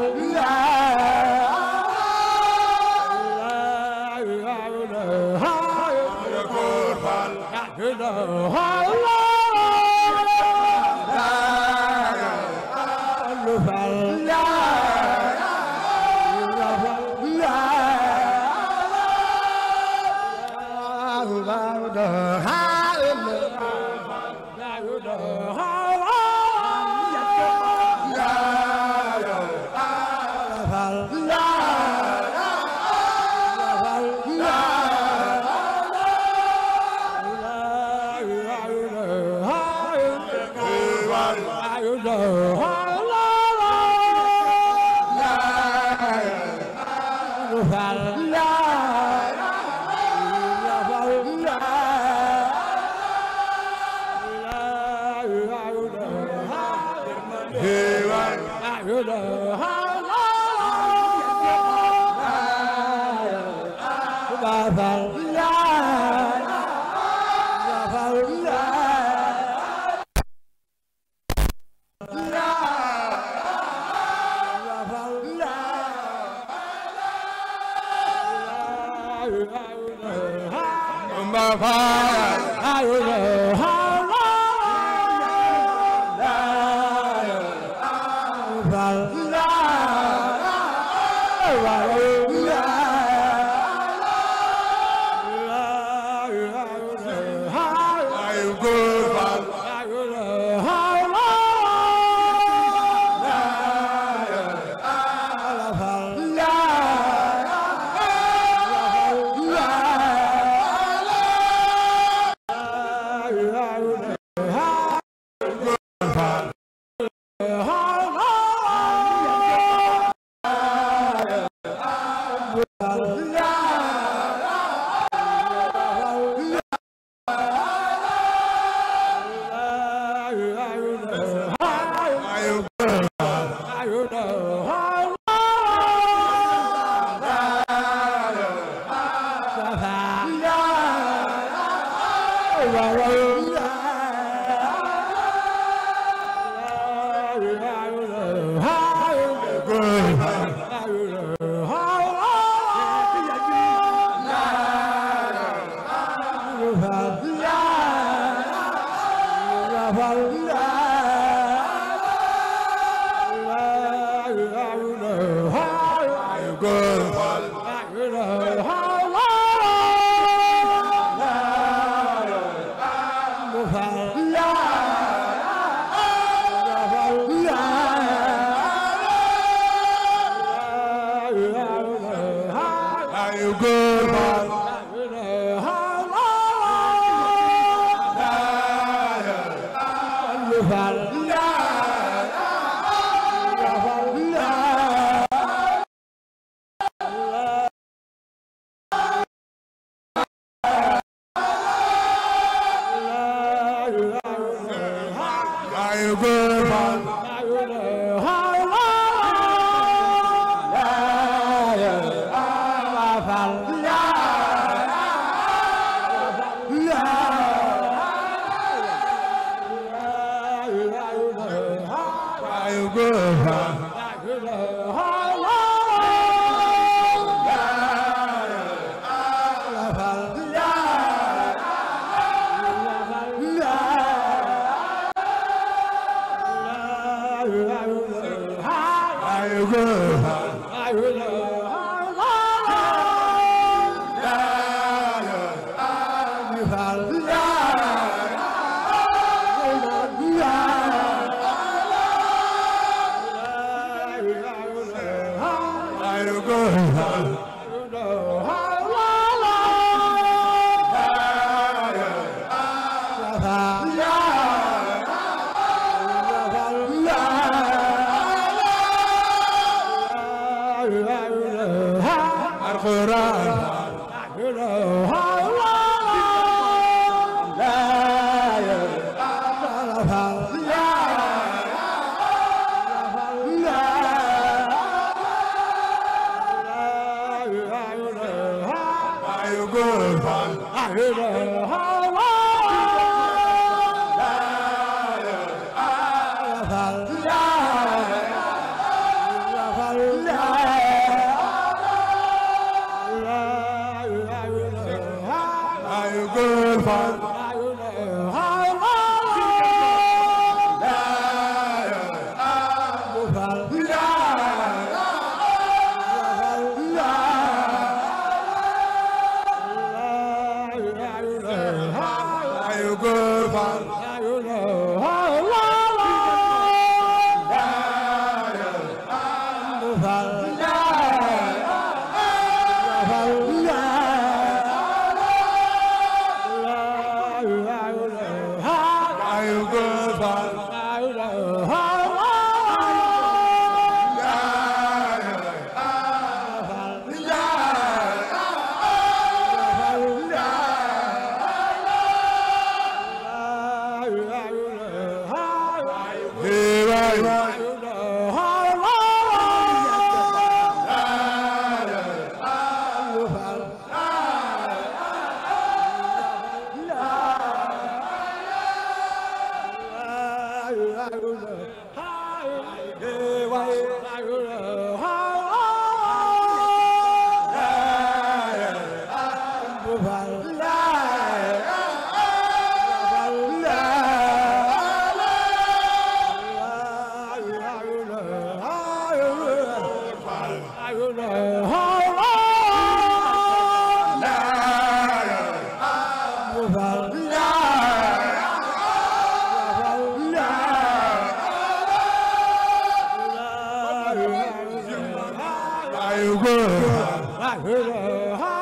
Oh, góor faal ha ba Hallelujah.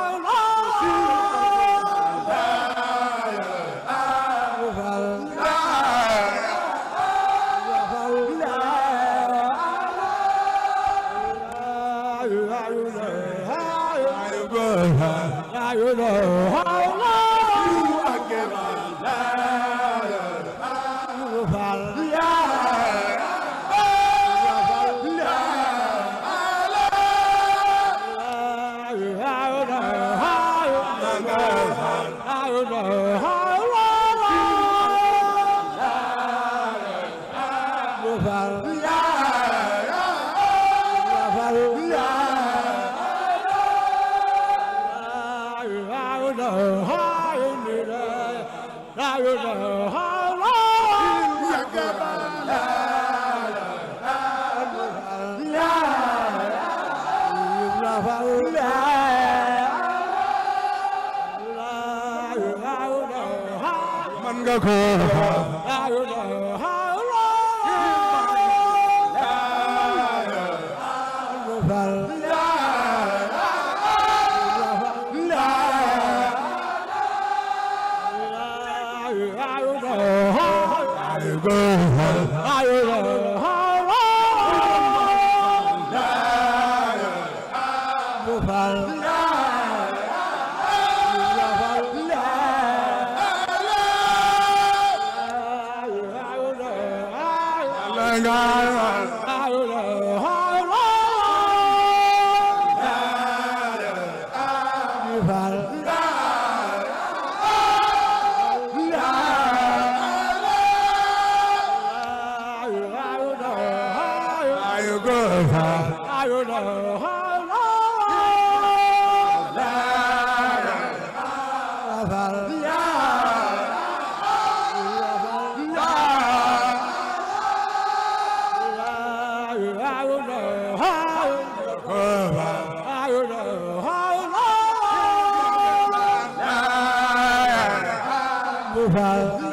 Touba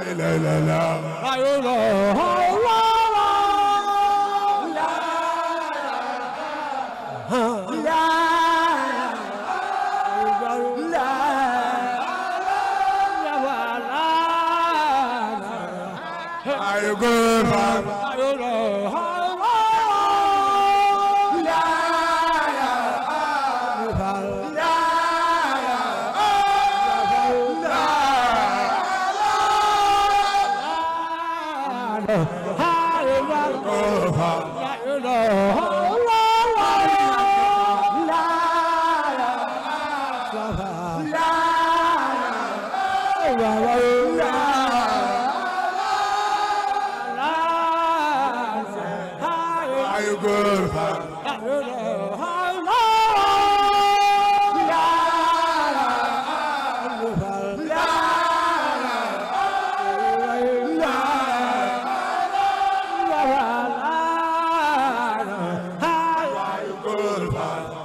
la la la la Subhanallah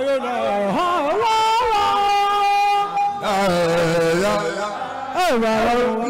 la la la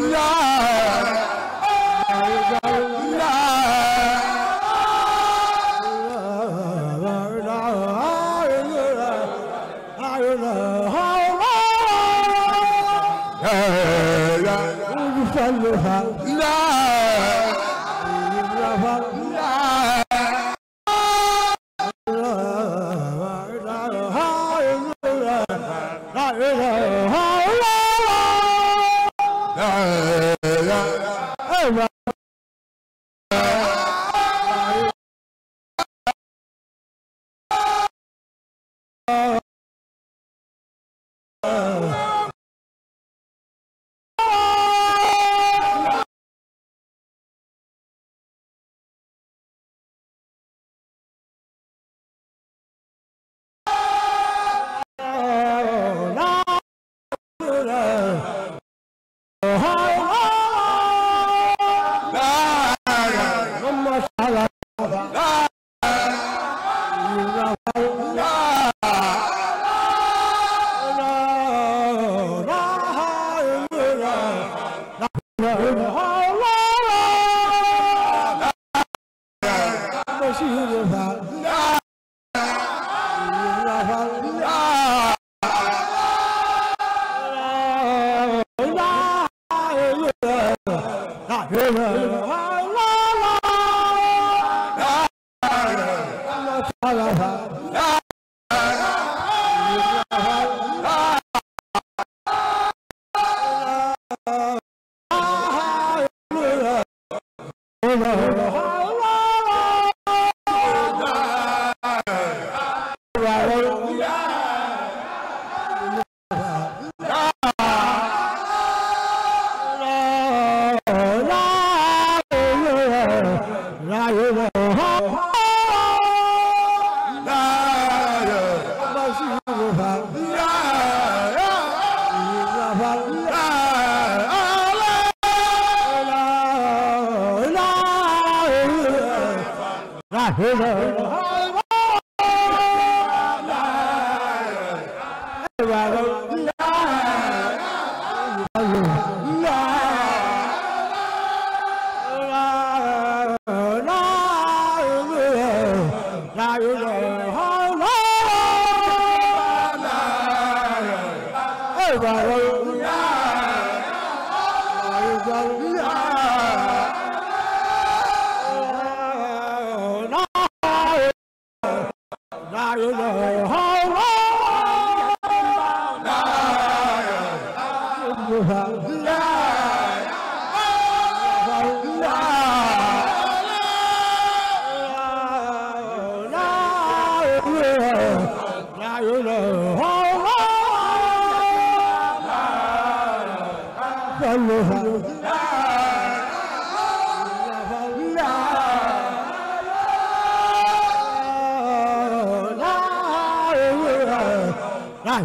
waaw la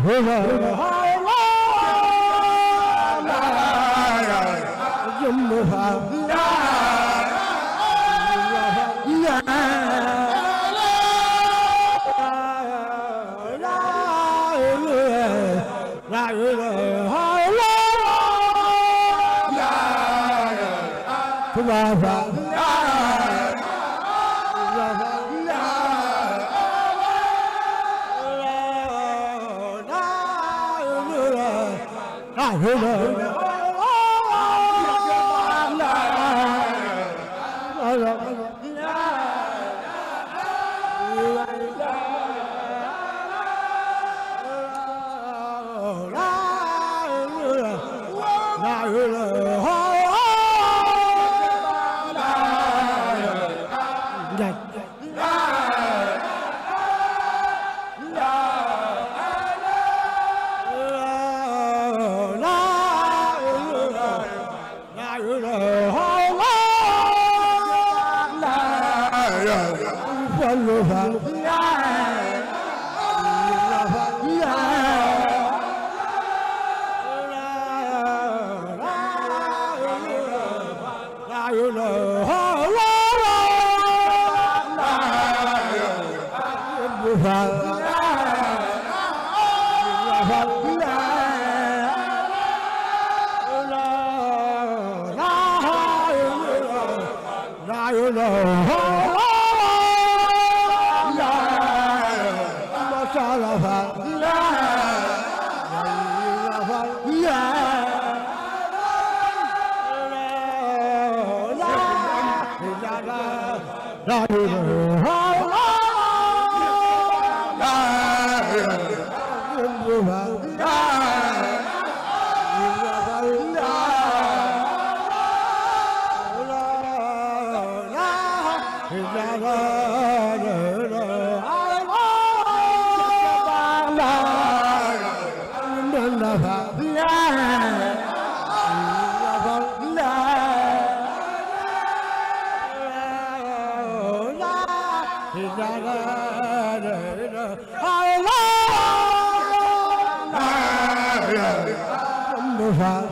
Mawla waaw